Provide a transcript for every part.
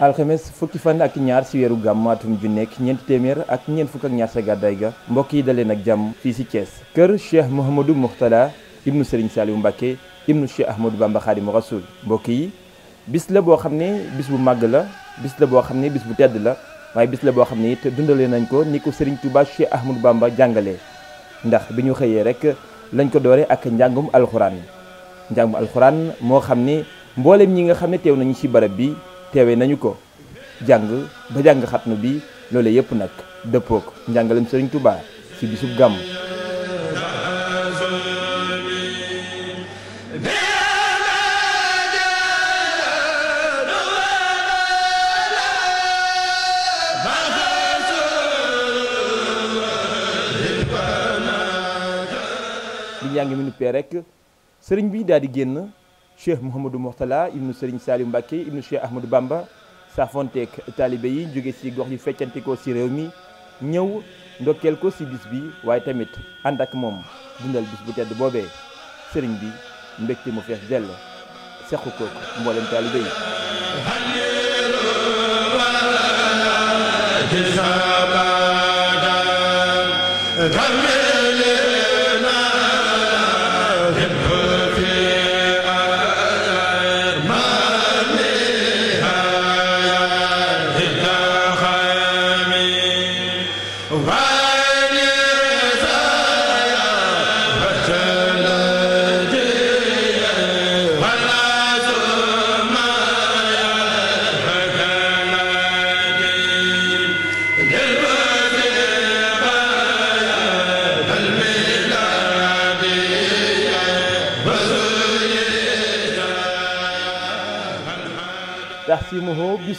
alxames fukki fan ak ñaar si weeru gàmm atum ju nekk ñeenti téeméer ak ñeent fukk ak ñaar sa gàddaay ga mbokk yi daleen ak jàmm fii si Thiès kër Cheikh Mouhamadou Mourtada ibnu Serigne Saliou Mbacké ibnu Cheikh Ahmadou Bamba Khadimou Rassoul mbokk yi bis la boo xam ne bis bu màgg la bis la boo xam ne bis bu tedd la waaye bis la boo xam ne te dundale nañ ko ni ko Serigne Touba Cheikh Ahmadou Bamba jàngale ndax bi ñu xëyee rek lañ ko doore ak njàngum alxuraan njàngum alxuraan moo xam ne mboolem ñi nga xam ne teew nañu si barab bi teewee nañu ko jàng ba jàng xatnu bi loole yëpp nag dëppook njàngalem sëriñ Touba ci bisub gàmm bi njàng mi nuppee rek sëriñ bi daal di génn cheikh Mouhamadou Mourtala ibnu Serigne Saliou Mbacke ibnu cheikh Ahmadou Bamba safonteek taalibe yi jóge si gox yu feccantikoo ci réew mi ñëw ndokkeel ko si bis bi waaye tamit ànd ak moom dundal bis bu tedd boobee sëriñ bi mbégte mu fees dell sequ ko mboolem taalibe yi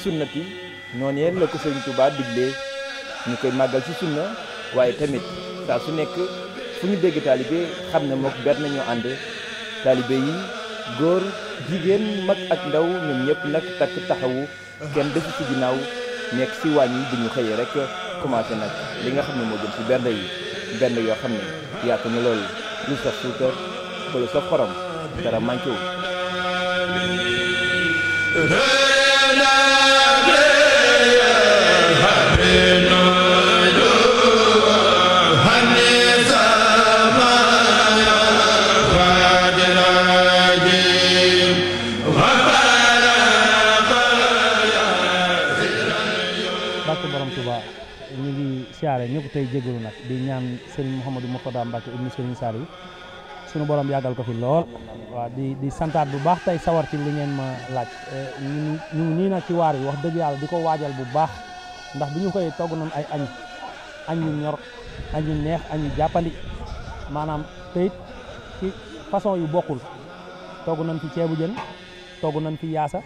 sunnati noonu la ko Sëriñ Tuubaa diglee ñu koy màggal ci sunna waaye tamit saa su nekk fu ñu dégg taalibe xam ne mook benn ñoo ànd taalibe yi góor jigéen mag ak ndaw ñoom ñëpp nag takk taxawu kenn defu ci ginnaaw nekk ci waañ yi duñu xëyee rek commencé nag li nga xam ne moo jëm ci bernde yi bernde yoo xam ne yaatu na loolu lu saf suukar ba lu saf xorom dara manqué siyaare ñëpp tey jégalu nag di ñaan Serigne Mouhamadou Mourtada Mbacke ibnu Serigne Saliou sunu borom yàggal ko fi lool waaw di santaat bu baax tey sawar ci li ngeen ma laaj eh, ñu nii nag ci waar yi wax dëgg yàlla di ko waajal bu baax ndax bu ñu koy togg noonu ay añ añ yu ñor añ yu neex añ yu maanaam teyit ci façon yu bokkul togg nañ fi ceebu jën togg nañ fi yaasa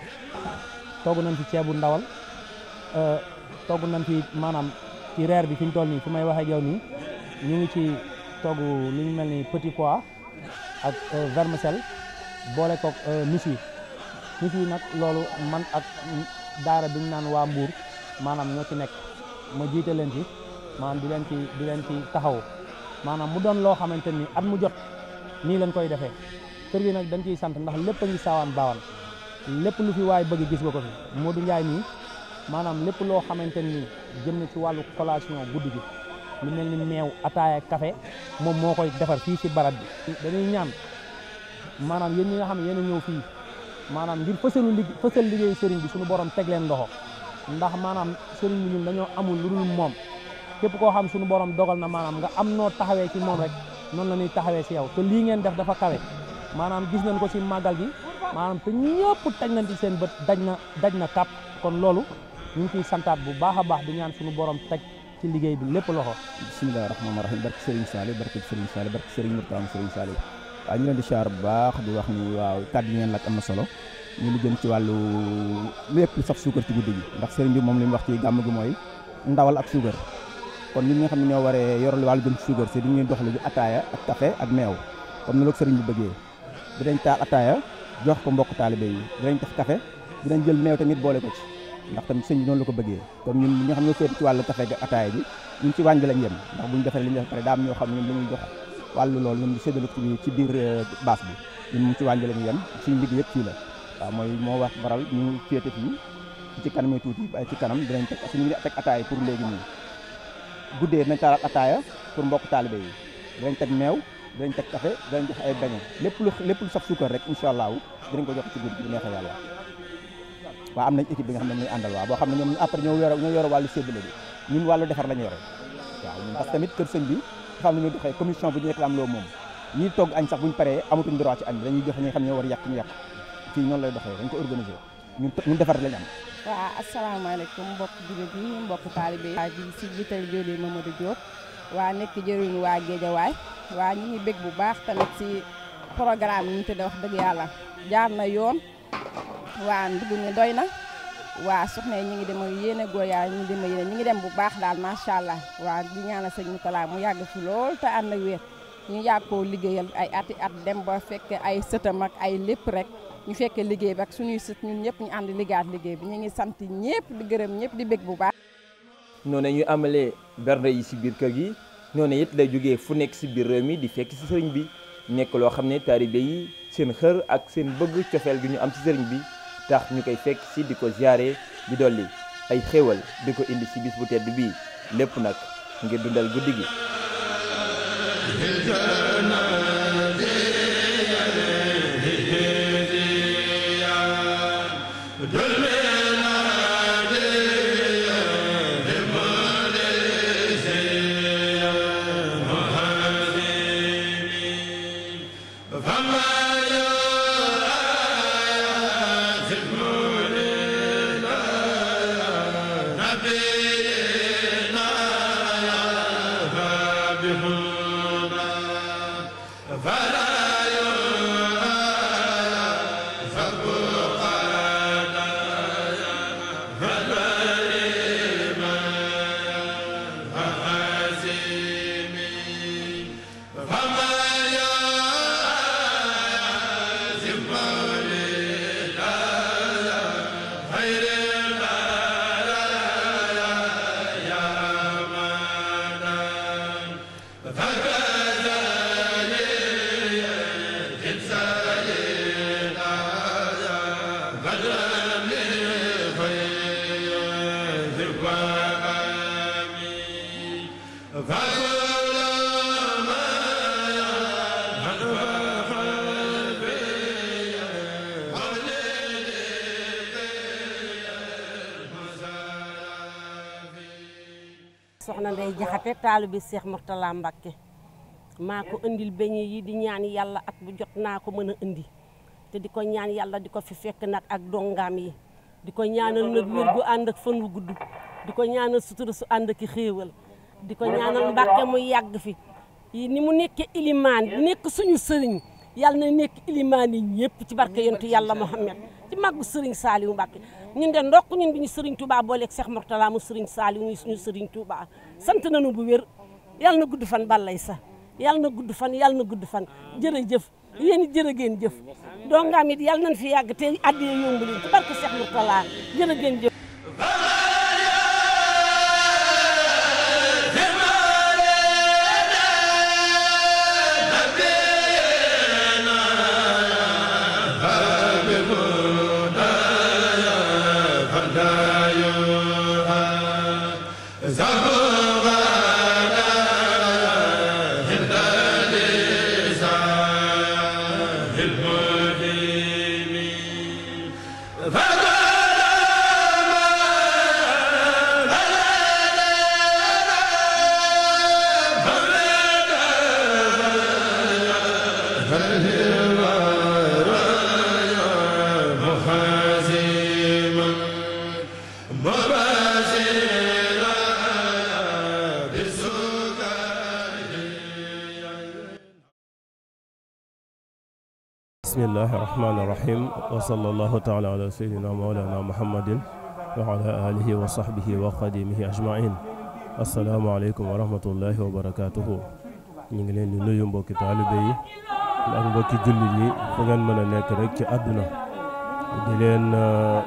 togg nañ fi ceebu ndawal euh, togg nañ fi maanaam ci reer bi fi ñu toll ni fi may waxe ak yow ñu ngi ci togg lu mel ni petit pois ak euh, vermicelle boole koog nuus yi nuus nag loolu man ak daara bi naan waa Mbuur maanaam ñoo ci nekk ma jiite leen ci maanaam di leen ci di leen ci taxaw maanaam mu doon loo xamante ni at mu jot nii lañ koy defee kër gi nag dañ ciy sant ndax lépp a ngi saawaan baawaan lépp lu fi waay bëgg gis nga ko fi Modou Ndiaye nii maanaam lépp loo xamante ni jëm na ci wàllu collation guddi gi lu mel ni meew ataaya café moom moo koy defar fii ci barab bi dañuy ñaan maanaam yéen ñi nga xam ne yéen ñëw fii maanaam ngir fësalu lig sëriñ bi suñu borom teg leen loxo ndax maanaam sëriñ bi ñun dañoo amul lu dul moom képp koo xam suñu borom dogal na maanaam nga am noo taxawee ci moom rek noonu la ñuy taxawee si yow te lii ngeen def dafa kawe maanaam gis nañ ko si màggal gi maanaam te ñëpp taj nañ ci seen bët daj na daj na kàpp kon loolu ñu ngi ciy santaat bu baax a baax di ñaan suñu borom taj ci liggéey bi lépp loxo bisimilah rahmaani rahim barke sëriñ Saali barke sëriñ Saali barke sëriñ Murtaam sëriñ Saali waaw ñu leen di xaar bu baax di wax ni waaw kàddu yi ngeen laaj am na solo ñu lu jëm ci wàllu lépp lu saf suukar ci guddi gi ndax sëriñ bi moom li mu wax ci gàmm gi mooy ndawal ak suukar kon nit ñu xam ne ñoo waree yoral wàllu jëm ci suukar si dañuy doxale ji ataaya ak café ak meew comme ni la ko sëriñ bi bëggee dinañ taal ataaya jox ko mbokk taalibe yi dinañ def café dinañ jël meew tamit boole ko ci ndax tamit sëñ bi noonu la ko bëggee kon ñun ñi nga xam ne féet ci wàllu café ga ataaya ji ñun ci wàññi yem ndax buñu li ñu def ñoo xam ne ñun li ñuy jox wàllu loolu ñun séddale ci biir euh, baas bi ñun moom ci wàññi lañ yem suñu liggéey yëpp fii la waaw mooy moo wax waral ñu féete fii ci kanamee tuuti ay ci kanam dinañ teg suñu teg ataaya pour léegi nii guddee dinañ taalal ataaya pour mbokk taalibe yi dinañ teg meew dinañ teg café dinañ jox ay beñe lépp lu lépp lu saf suukar rek incha allahu dinañ ko jox ci guddi bu neex yàlla waaw am nañ équipe bi nga xam ne ñuy àndal waaw boo xam ne ñoom après ñoo yore ñoo yore wàllu séddale bi ñun wàllu defar la ñu yore waaw parce que tamit kër sëñ bi nga xam ne ñoo bu ñu réclame loo moom ñii togg añ sax paree amatuñ droit ci añ bi dañuy xam ne ñoo yàq ñu yàq fii noonu lay doxee dañ ko organisé ñun ñun defar lañ am waaw asalaamaaleykum mbokk jullit yi mbokk taalibe yi waa ji si jiital jëriñ Mamadou Diop waa nekk jëriñ waa Géejawaay waa ñu ngi bég bu baax tamit si programme yi ñu tuddee wax dëgg yàlla jaar na yoon waa ndugg doy na waa soxna yi ñu ngi dem yéen a góor yaay ñu ngi dem yéen ñu ngi dem bu baax daal macha allah waa di ñaanal sëñ Moutala mu yàgg fi lool te ànd ak wér ñu yàgg koo liggéeyal ay ati at dem ba fekk ay sëtam ak ay lépp rek ñu fekkee liggéey bi ak suñuy sët ñun ñëpp ñu ànd liggéeyaat liggéey bi ñu ngi sant ñëpp di gërëm ñëpp di bég bu baax. noonu ñuy amalee bernde yi si biir kër gi noonu it lay jógee fu nekk si biir réew mi di fekk ci sëriñ bi nekk loo xam ne taalibe yi seen xër ak seen bëgg cofeel gi ñu am ci sëriñ bi tax ñu koy fekk si di ko jaare di dolli ay xéewal di ko indi si bis bu tedd bii lépp nag ngir dundal guddi gi. bara te taalibe seex Mourtala Mbacke maa ko indil yi di ñaan yàlla ak bu jot naa ko mën a indi te di ko ñaan yàlla di ko fi fekk nag ak dongaam yi di ko ñaanal nag wér gu ànd fan wu gudd di ko ñaanal sutura su ànd ak di ko ñaanal Mbacke mu yàgg fi ni mu nekkee ilimaan nekk suñu sëriñ yàlla na nekk ilimaan yi ñëpp ci barke yontu yàlla Muhammad ci màggu sëriñ Saliou Mbacke ñun de ndokk ñun bi ñu sëriñ Touba booleeg Cheikh Mourtala mu sëriñ Saliou ñu suñu sëriñ Touba sant nañu bu wér yal na gudd fan ballay sax yàlla na gudd fan yal na gudd fan jërëjëf yéen it jërë ngeen jëf doo nga am it yàlla nañ fi yàgg te addiya yomb leen ci barke Cheikh Mourtala jërë ngeen fa wa sallallahu taala ala sayyidina mawlana muhammadin wa ala alihi wa sahbihi wa xadimihi ajmain asalaamaaleykum wa rahmatullahi wa barakatuhu ñu ngi leen di nuyu mbokki taalibe yi ak mbokki jullit yi fu ngeen mën a nekk rek ci àdduna di leen uh,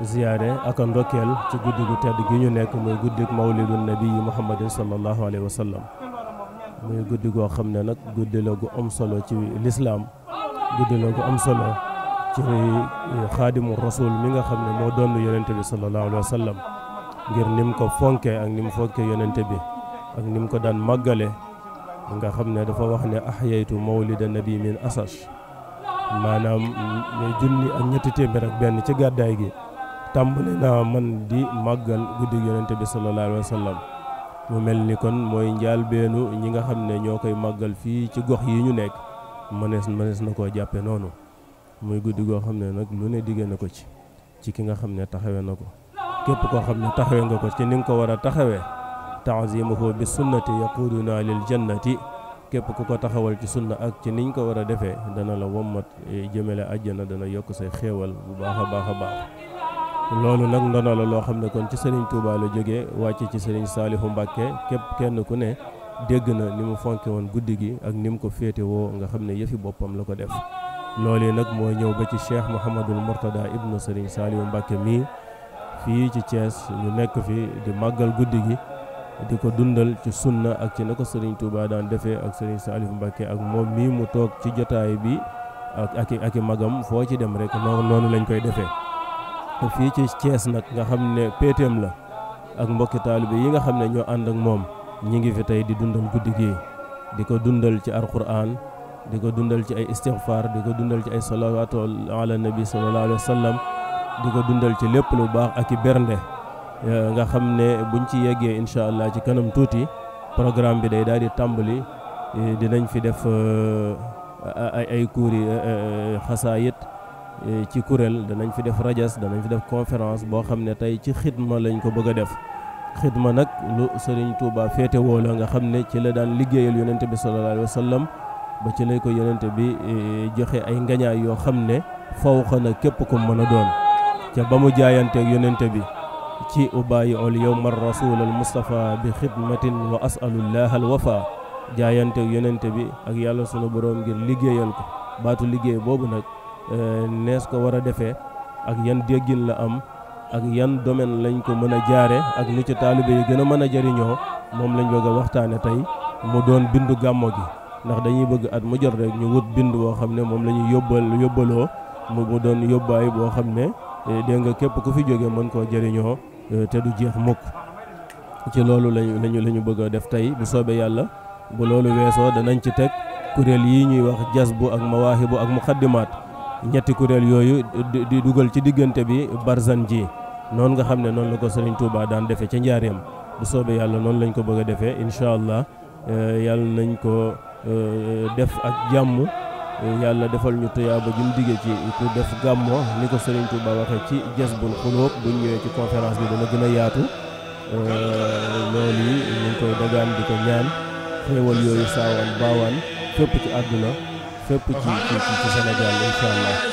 ziyaare ak ndokkeel ci guddi gu tedd gi ñu nekk muy guddik mawlidu nabii muhammadin sallallahu alayhi wa sallam muy guddi goo xam ne nag guddi la gu am solo ci lislaam guddi la gu am solo ci xaadimu rasul mi nga xam ne moo doon yonente bi sallallahu alayhi wa sallam ngir nim ko fonke ak ni mu fonke yonente bi ak ni mu ko daan màggale nga xam ne dafa wax ne ahyaytu mawlida nabi min asas maanaam ñooy junni ak ñetti téeméer ak benn ci gàddaay gi tàmbali naa man di màggal guddi yonente bi sallallahu alayhi wa mu mel ni kon mooy njaal beenu ñi nga xam ne ñoo koy màggal fii ci gox yi ñu nekk mënees mënees na koo jàppe noonu muy guddi goo xam ne nag lu ne diggee na ko ci ci ki nga xam ne taxawee na ko képp koo xam ne taxawee nga ko ci ni nga ko war a taxawee ta'zimuhu bi sunnati yaquduna lil jannati képp ku ko taxawal ci sunna ak ci niñ ko war a defee dana la wommat eh, jëmale àjjana dana yokk say xéewal bu baax a baax a baax loolu nag ndono la loo xam ne kon ci sëriñ Touba jóge jógee wàcce ci sëriñ Saalihu Mbàkke képp kenn ku ne dégg na ni mu fonke woon guddi gi ak ni mu ko féete nga xam ne yëfi boppam la ko def loolee nag moo ñëw ba ci cheikh Mouhamadul Mourtada ibnu Serigne Saliou Mbacke mii fii ci cees ñu nekk fi di màggal guddi gi di ko dundal ci sunna ak ci na sëriñ Serigne daan defee ak Serigne Saliou Mbacke ak moom mii mu toog ci jotaay bi ak ak ak i magam foo ci dem rek noonu lañ koy defee fii ci Thiès nag nga xam ne PTM la ak mbokki taalibe yi nga xam ne ñoo ànd ak moom ñi ngi fi tey di dundal guddi gi di ko dundal ci alxuraan di ko dundal ci ay istighfar di ko dundal ci ay salawaatu ala nabi sallallahu alayhi wa sallam di ko dundal ci lépp lu baax ak i bernde nga xam ne buñ ci yeggee incha allah ci kanam tuuti programme bi day daal di tàmbali eh, dinañ fi def eh, ay ay cours yi eh, xasaayit ci kuréel danañ fi def rajas danañ fi def conférence boo xam ne tey ci xidma lañ ko bëgg a def xidma nag lu Sëriñ Tuuba féete woo la nga xam ne ci la daan liggéeyal yonente bi sallallahu alayhi wa ba ci lay ko yonent bi e, joxe ay ngañaay yoo xam ne fawqa na képp ku mën a doon ca ba mu jaayanteeg yonent bi ci ubaayi ol yowma rasul al mustapha bi xidmatin wa asalullah al wafa jaayanteeg yonent bi ak yàlla sunu boroom ngir liggéeyal ko baatu liggéey boobu nag e, nees ko war a defee ak yan déggin la am ak yan domaine lañ ko mën a jaare ak nu ci taalibe yi gën a mën a jariñoo moom lañ bëgg a waxtaane tey mu doon bindu gàmmo gi ndax dañuy bëgg at mu jot rek ñu wut bind woo xam ne moom la ñuy yóbbal yóbbaloo mu doon yóbbaay boo xam ne eh, dégg nga képp ku fi jóge mën koo jëriñoo eh, te du jeex mukk ci loolu lañu lañu bëgg a def tey bu soobee yàlla bu loolu weesoo danañ ci teg kuréel yi ñuy wax jas jazbu ak mawaahibu ak muqaddimaat ñetti kuréel yooyu di dugal ci diggante bi barzan ji noonu nga xam ne noonu la ko Serigne tuubaa daan defe ca njaareem bu soobee yàlla noonu lañ ko bëgg a defee Euh, def ak jàmm yàlla defal ñu tuyaaba jum digge ci ku def gàmmo ni ko Sëriñ Tuuba waxee ci Jazbul Xuluub bu ñëwee ci conférence bi dama gën a yaatu euh, loolu yi ñu ngi koy dagaan di ko ñaan xéewal yooyu saawaan baawaan fépp ci àdduna fépp ci ci ci Sénégal incha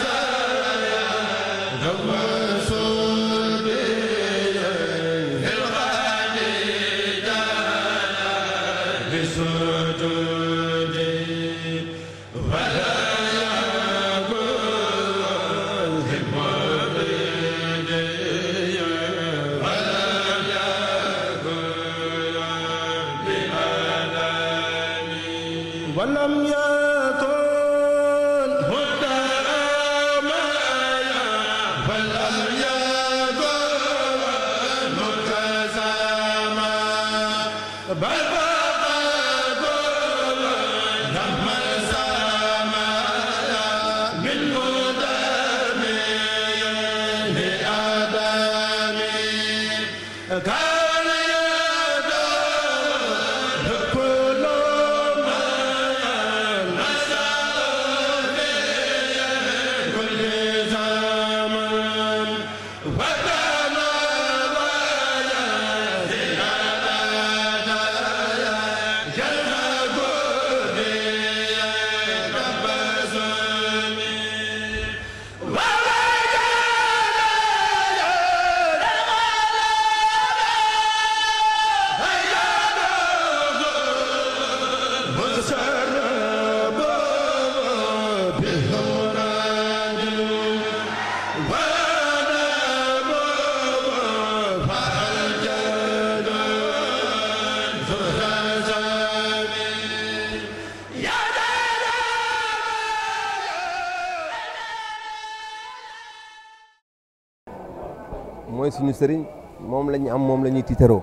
suñu sëriñ moom la am moom la ñuy tiitaroo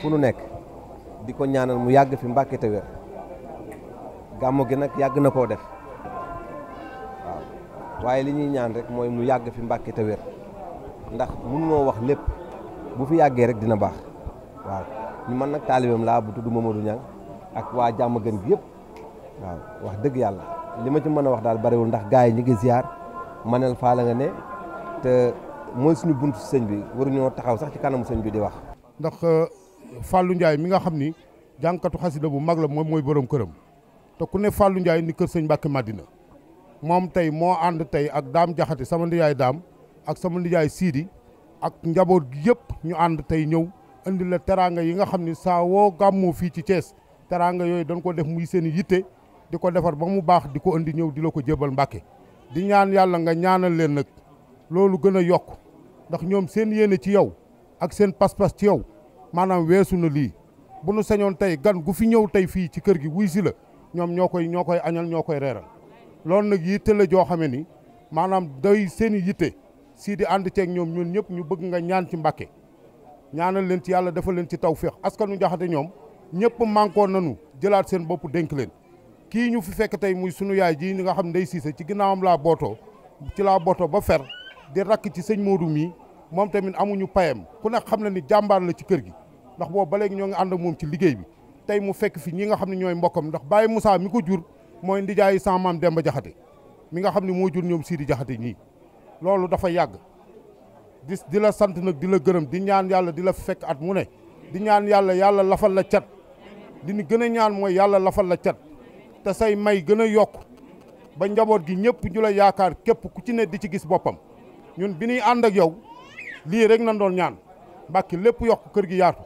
fu nu nekk di ko ñaanal mu yàgg fi Mbàkke te wér gàmmu gi nag yàgg na koo def waaw waaye li ñuy ñaan rek mooy mu yàgg fi Mbàkke te wér ndax mënunoo wax lépp bu fi yàggee rek dina baax waaw ñu man nag taalibeem laa bu tudd Mamadou Niang ak waa jàmm gën gi yëpp waaw wax dëgg yàlla li ma ci mën a wax daal bariwul ndax gars yi ñu ngi ziar manel nga ne te mooy suñu buntu sëñ bi waruñoo taxaw sax ci kanamu sëñ bi di wax. ndax euh, Fallou Ndiaye mi nga xam ni jànkatu xasida bu mag la moom mooy borom këram te ku ne Fallou Ndiaye ni kër sëñ Mbacke maddina moom tey moo ànd tey ak daam jaxate sama ndiyaay daam ak sama ndiyaay siidi ak njaboot gi yëpp ñu ànd tey ñëw indi la teraanga yi nga xam ni saa woo gàmmoo fii ci cees teraanga yooyu dañ ko def muy seen yitte di ko defar ba mu baax di ko indi ñëw di la ko jébal Mbacke di yàlla nga ñaanal leen nag. loolu gën a yokk ndax ñoom seen yéene ci yow ak seen pas-pas ci yow maanaam weesu na lii bu nu sañoon tey gan gu fi ñëw tey fii ci kër gi wuy si la ñoom ñoo koy ñoo koy añal ñoo koy reeral loolu nag yitte la joo xame ni maanaam day seen yitte sii di ànd ceeg ñoom ñun ñëpp ñu bëgg nga ñaan ci Mbàkke ñaanal leen ci yàlla dafa leen ci taw tawféex askanu Njaxate ñoom ñëpp mànkoo nanu jëlaat seen bopp dénk leen kii ñu fi fekk tey muy sunu yaay jii ñi nga xam ndey siise ci ginnaawam laa bootoo ci bootoo ba fer di rakk ci sëñ Modou mii moom tamit amuñu payam ku ne xam na ni jàmbaar la ci kër gi ndax boo ba léegi ñoo ngi ànd moom ci liggéey bi tey mu fekk fi ñi nga xam ne ñooy mbokkam ndax Baye Moussa mi ko jur mooy ndijaayu sama dem Demba Jaxate mi nga xam ni moo jur ñoom Sidi Jaxate ñii loolu dafa yàgg di di la sant nag di la gërëm di ñaan yàlla di la fekk at mu ne di ñaan yàlla yàlla lafal la cat li ñu gën a ñaan mooy yàlla lafal la cat te say may gën a yokk ba njaboot gi ñëpp ñu la yaakaar képp ku ci ne di ci gis boppam ñun bi ñuy ànd ak yow lii rek nañ doon ñaan mbàkki lépp yokk kër gi yaatu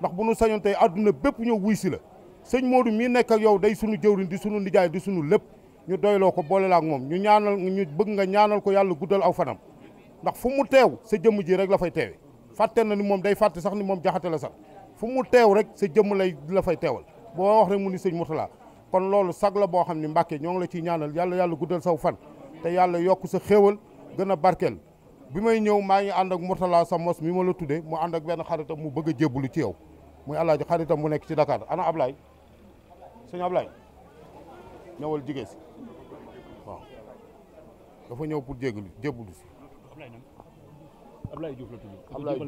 ndax bu nu sañoon tey àdduna bépp ñëw wuy si la sëñ Modou mii nekk ak yow day sunu jëwriñ di sunu nijaay di sunu lépp ñu doyloo ko boole la ak moom ñu ñaanal ñu bëgg nga ñaanal ko yàlla guddal aw fanam ndax fu mu teew sa jëmm ji rek la fay teewe fàtte na ni moom day fàtte sax ni moom jaxate la sax fu mu teew rek sa jëmm lay la fay teewal boo wax rek mu ni sëñ Mourtala kon loolu sag la boo xam ne Mbàkke ñoo ngi la ciy ñaanal yàlla yàlla guddal saw fan yàlla yokk sa xéewal gën a barkeel bi may ñëw maa ngi ànd ak Mourtala Samos mi ma la tuddee mu àndak benn xaritam mu bëgg a jébbalu ci yaw muy alaaji xaritam mu nekk ci Dakar ana Ablaye sëñ Ablaye ñëwal jigéen si waaw dafa ñëw pour jéggalu jébbalu si. Ablaye Diouf la tudd. Ablaye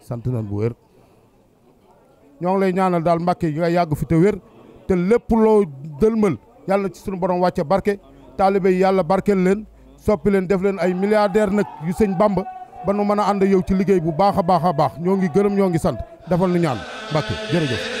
sant nañ bu wér ñoo lay ñaanal daal Mbacke yi nga yàgg fi te wér. te lépp loo dëlmal yàlla ci suñu borom wàcce barke taalibe yi yàlla barkeel leen soppi leen def leen ay milliardaire nag yu sëñ Bamba ba nu mën a ànd yow ci liggéey bu baax a baax a baax ñoo ngi gërëm ñoo ngi sant defal nu ñaan Mbàkke jërëjëf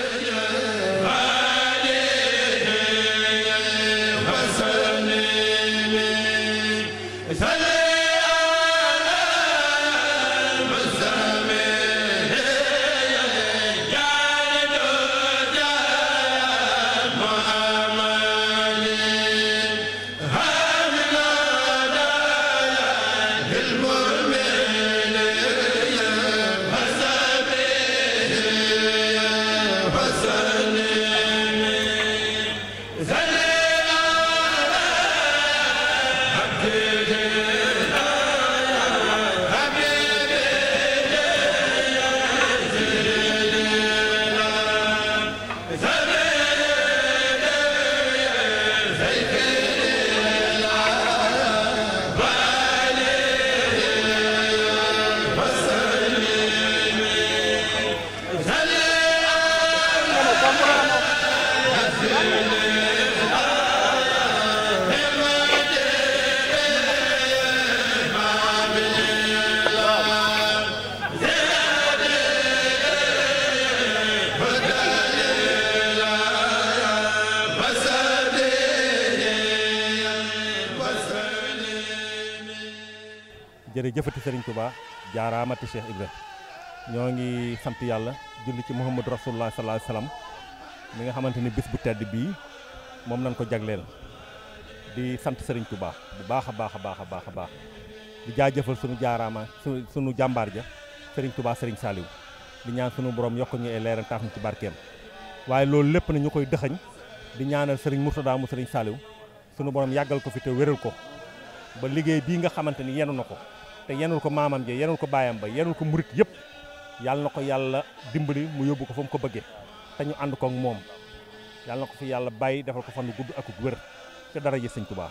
sëriñ Serigne Touba jaaraamati Cheikh Ibra ñoo ngi sant yàlla julli ci Muhammadu Rasulullah sallallahu alayhi wasallam mi nga xamante ni bis bu tedd bii moom nañ ko jagleel di sant Serigne Touba bu baax a baax a baax a baax a baax di jaajëfal sunu jaaraama su sunu jàmbaar ja Serigne Touba sëriñ Saliou di ñaan sunu borom yokk ñu ay leeram tax ñu ci barkeem waaye loolu lépp na ñu koy dëxañ di ñaanal Serigne Mourtada mu Serigne Saliou sunu borom yàggal ko fi te wéral ko ba liggéey bii nga xamante ni yenu na ko te yenul ko maamam ji yenul ko baayam ba yenul ko murik yëpp yàlla na ko yàlla dimbali mu yóbbu ko fa mu ko bëggee te ñu ànd ko ak moom yàlla na ko fi yàlla bàyyi defal ko fan gudd ak wër te dara ji sëñ Tuubaa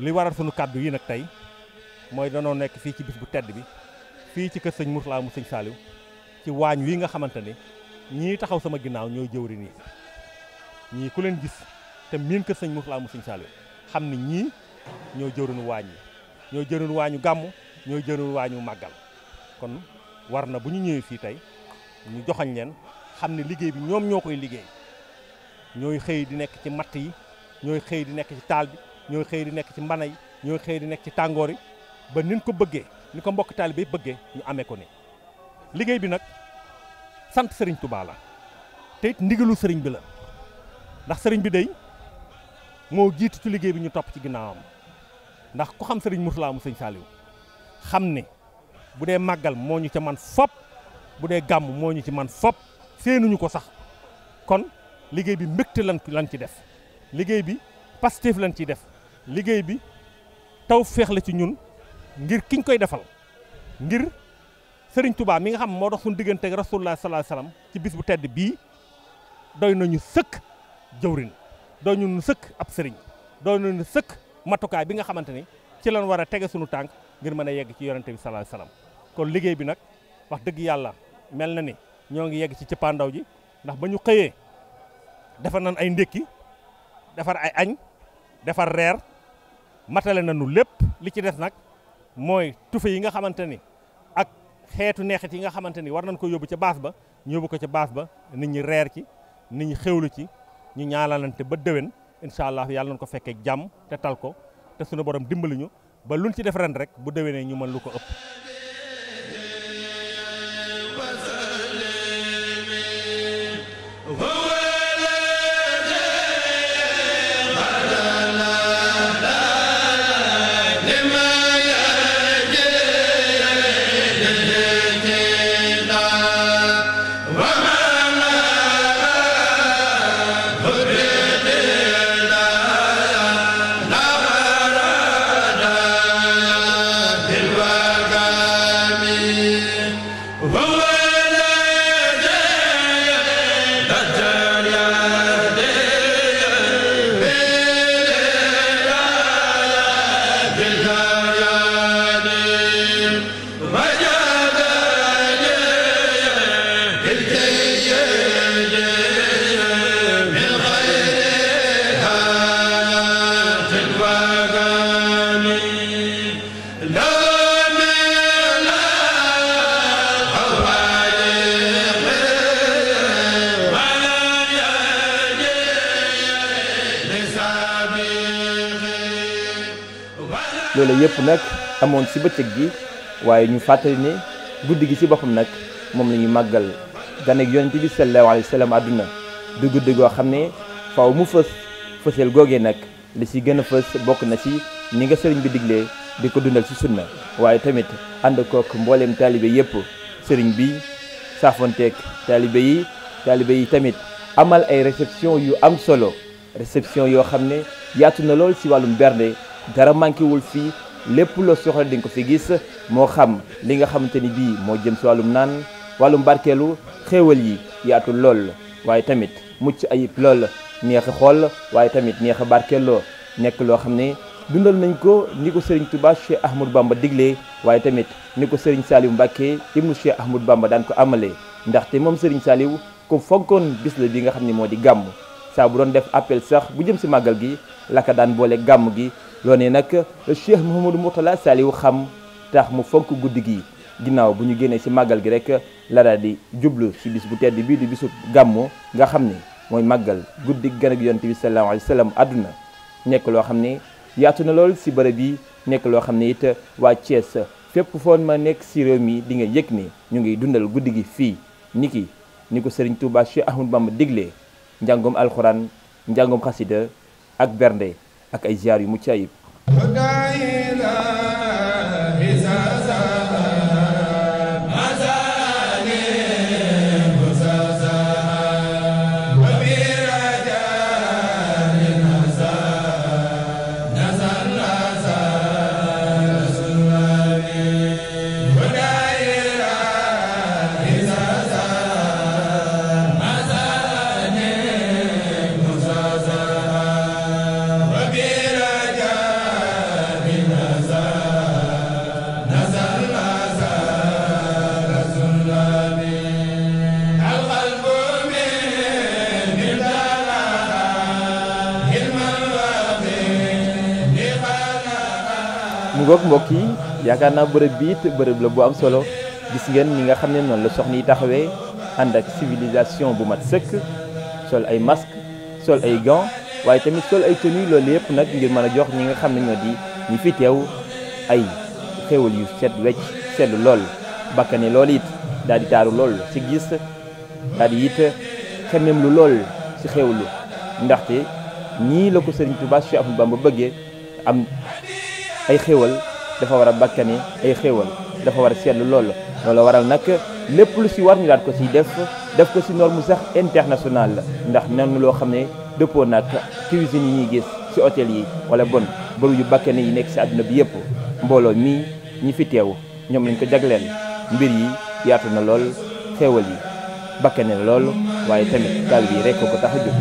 li waral sunu kàddu yi nag tey mooy danoo nekk fii ci bis bu tedd bi fii ci kër sëñ Mourtala mu sëñ Saliou ci waañ wi nga xamante ni ñii taxaw sama ginnaaw ñooy jëwri nii ñii ku leen gis te miin kër sëñ Mourtala mu sëñ Saliou xam ni ñii ñoo jëwrinu waañ yi ñoo jëwrinu waañu gàmmu ñooy waa ñu màggal kon war na bu ñu ñëwee fii tey ñu joxañ leen xam ne liggéey bi ñoom ñoo koy liggéey ñooy xëy di nekk ci matt yi ñooy xëy di nekk ci taal bi ñooy xëy di nekk ci mbana yi ñooy xëy di nekk ci tàngoor yi ba nin ko bëggee ni ko mbokk taalibe yi bëggee ñu amee ko ni liggéey bi nag sant sëriñ Touba la te ndigalu sëriñ bi la ndax sëriñ bi day moo jiitu ci liggéey bi ñu topp ci ginnaawam ndax ku xam sëriñ Mourtala mu sëñ Saliou xam ni bu dee màggal moo ñu ca man fop bu dee gàmm moo ñu ci man fop séenuñu ko sax kon liggéey bi mbégte lan lan ci def liggéey bi pastéef lan ciy def liggéey bi taw feex la ci ñun ngir kiñ koy defal ngir sëriñ tubaa mi nga xam moo dox suñu diggante ak rasulullah sallallahu alayhi wasallam ci bis bu tedd bii doy nañu sëkk jëwrin doy nañu sëkk ab sëriñ doy nañu sëkk matukaay bi nga xamante ni ci lan war a tege suñu tànk ngir mën a yegg ci yonente bi sallallahu alayhi wasallam kon liggéey bi nag wax dëgg yàlla mel na ni ñoo ngi yegg ci cëppaandaw ji ndax ba ñu xëyee defar nañ ay ndékki defar ay añ defar reer matale nañu lépp li ci des nag mooy tufe yi nga xamante ni ak xeetu neexit yi nga xamante ni war nañ ko yóbbu ca baas ba ñu yóbbu ko ca baas ba nit ñi reer ci nit ñi xewlu ci ñu ñaalalante ba déwén incha allah yàlla nañ ko fekkee jàmm te tal ko te sunu borom dimbali ñu ba luñ ci def ren rek bu dewee déwénee ñu mën lu ko ëpp. yëpp nag amoon ci bëccëg gi waaye ñu fàttali ne guddi gi ci boppam nag moom la ñu màggal ganek yonent bi sallallahu alayhi wa sallam àdduna du guddi goo xam ne faaw mu fës fëseel googee nag li ci gën a fës bokk na ci ni nga sëriñ bi diglee di ko dundal ci sunna waaye tamit ànd kooku mbooleem taalibe yëpp sëriñ bi saafonteeg taalibe yi taalibe yi tamit amal ay réception yu am solo réception yoo xam ne yaatu na lool ci wàllum bernde dara manqué wul lépp loo soxla di ko fi gis moo xam li nga xamante ni bii moo jëm si wàllum naan wàllum barkeelu xéewal yi yaatul lool waaye tamit mucc ayib lool neex a xool waaye tamit neex a barkeeloo nekk loo xam ne dundal nañ ko ni ko Serigne Touba Cheikh Ahmadou Bamba diglee waaye tamit ni ko Serigne Saliou Mbacke ibnu Cheikh Ahmadou Bamba daan ko amalee ndaxte moom sëriñ Saliou ko fonkoon bis la bi nga xam ni moo di gàmm saa bu doon def appel sax bu jëm si màggal gi la daan boole gàmm gi loone nag Cheikh Mouhamadou Mourtala Saliou xam tax mu fonk guddi gi ginnaaw bu ñu génnee ci màggal gi rek la di jublu ci bis bu tedd bii di bisu gàmmu nga xam ni mooy màggal guddi gan ak yonent bi sallallahu alayhi wa sallam àdduna nekk loo xam ne yaatu na lool ci bërëb yi nekk loo xam ne it waa Thiès fépp foon ma nekk ci réew mi di nga yëg ni ñu ngi dundal guddi gi fii niki ni ko Serigne Touba Cheikh Ahmadou Bamba diglee njàngum alxuraan njàngum xasida ak bernde ak ay ziar yu mucc ayib ngoog mbokk yi yaakaar naa bërëb bi it bërëb la bu am solo gis ngeen ñi nga xam ne noonu la soxna yi taxawee ànd ak civilisation bu mat sëkk sol ay masque sol ay gants waaye tamit sol ay tenues loolu yëpp nag ngir mën a jox ñi nga xam ne ñoo di ñi fi teew ay xéwal yu set wecc seetlu lool bakkane lool it daal di taaru lool ci gis daal yit it lu lool ci xéwlu ndaxte ñii la ko Sëriñ Tuubaa Séex Ahmadu Bamba bëggee am ay xéewal dafa war a bakkani ay xéewal dafa war a seetlu loolu loolu waral nag lépp lu si war ñu daat ko siy def def ko si norme sax internationale la ndax nanu loo xam ne dëppoo nag cuisine yi ñuy gis si hôtel yi wala bon bëru yu bakkani yi nekk si àdduna bi yëpp mbooloo mii ñi fi teew ñoom lañ ko jagleel mbir yi yaatu na lool xéewal yi bakkani na lool waaye tamit taal bi rek ko tax a jóg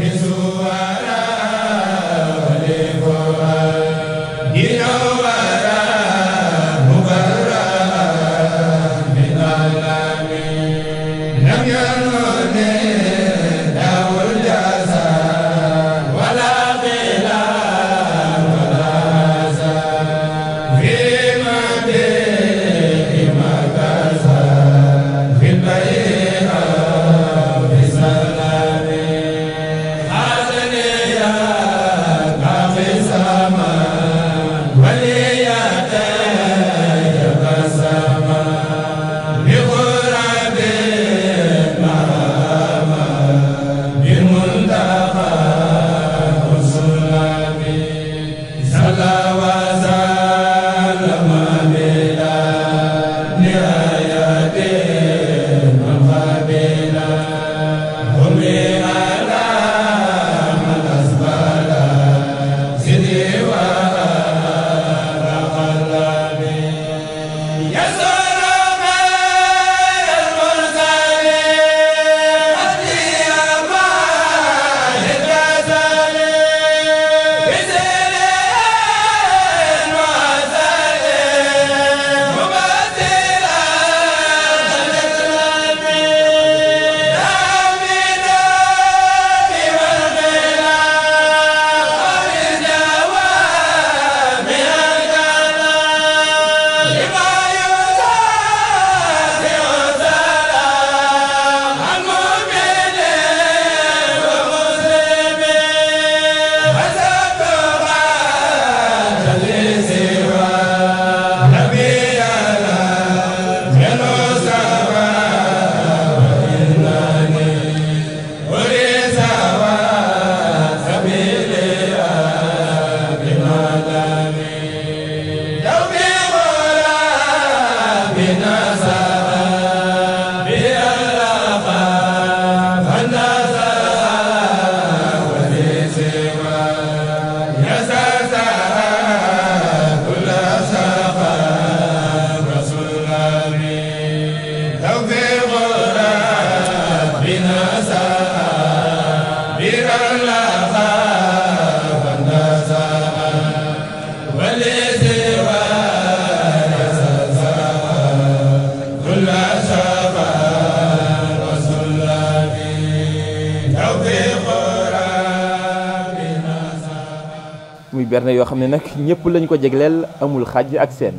muy berne yoo xam ne nag ñëpp lañ ko jegleel amul xaj ak seen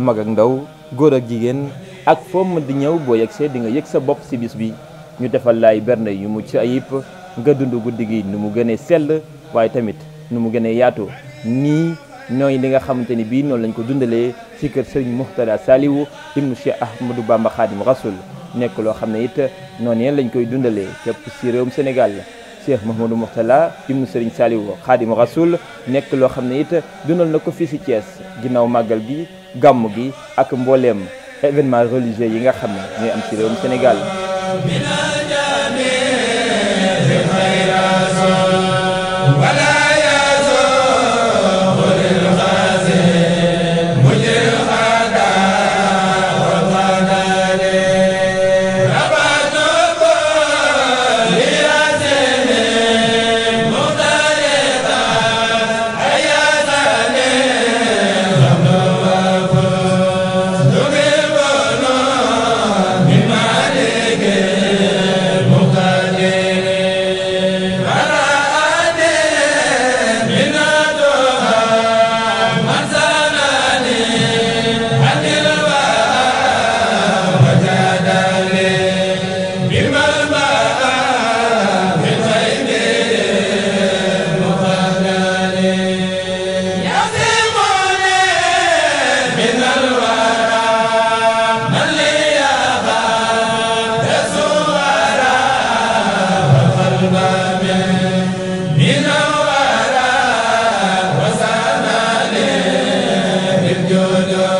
mag ak ndaw góor ak jigéen ak foo mën di ñëw boo yegsee di nga yëg sa bopp sibis bi ñu defal laay berne yu mucc ayib nga dund guddi gi nu mu gënee sell waaye tamit nu mu gënee yaatu nii nooy li nga xamante ni bii noonu lañ ko dundalee ci kër sëriñ Muxtada Saliwu ibnu Cheikh Ahmadou Bamba Xaadim Rasul nekk loo xam ne it noonu yeen lañ koy dundalee fépp ci réewum Sénégal Cheikh Mouhamadou Muxtada ibnu sëriñ Saliwu Xaadim Rasul nekk loo xam ne it dundal na ko fii si Thiès ginnaaw màggal bi gàmm gi ak mbooleem événement religieux yi nga xam ne ñooy am ci réewum Sénégal الجود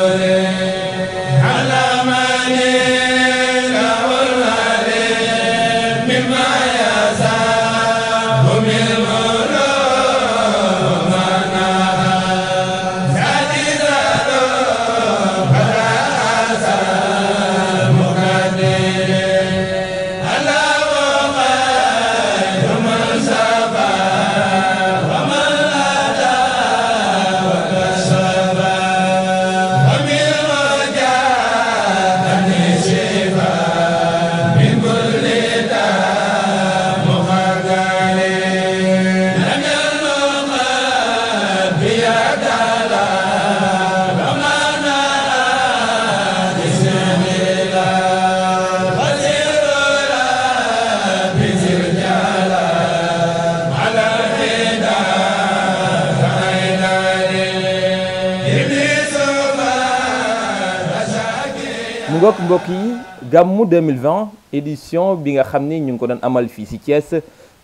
mu ngoog mbokk yi gàmmu 2020 édition bi nga xam ne ñu ngi ko doon amal fii si Thiès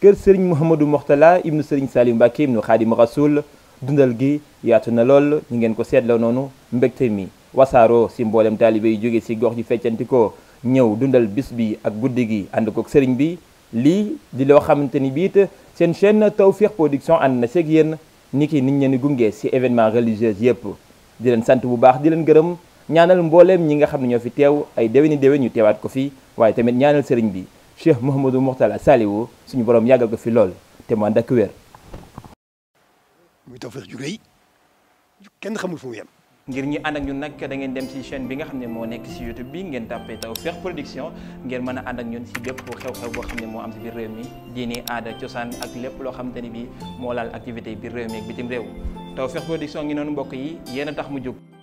kër Serigne Mouhamadou Mourtala ibnu Serigne Salim Mbacke ibnu Xaadim Rasoul dundal gi yaatu na lool ñu ngeen ko seetloo noonu mbégte mi wasaaroo si mboolem taalibe yu jóge si gox yu feccanti ñëw dundal bis bi ak guddi gi ànd koog Serigne bi lii di loo xamante ni biit seen chaîne Tawfekh Production ànd na seeg yéen nit ki niñ leen di gunge si événement religieux yëpp di leen sant bu baax di leen gërëm. ñaanal mbooleem ñi nga xam ne ñoo fi teew ay déwéni déwén ñu teewaat ko fi waaye tamit ñaanal sëriñ bi Cheikh Mouhamadou Mourtala Saliou suñu boroom yàggal ko fi lool te mu ànd ak wér. muy tawfeex ju rëy kenn xamul fu yem. ngir ñi ànd ak ñun nag da ngeen dem ci chaîne bi nga xam ne moo nekk ci YouTube bi ngeen tàppee Tawfekh Production ngeen mën a ànd ak ñun ci bépp xew-xew boo xam ne moo am ci biir réew mi diini aada cosaan ak lépp loo xamante ni bi moo laal activité biir réew mi ak bitim réew Tawfekh Production ngi noonu mbokk yi yéen tax mu jóg.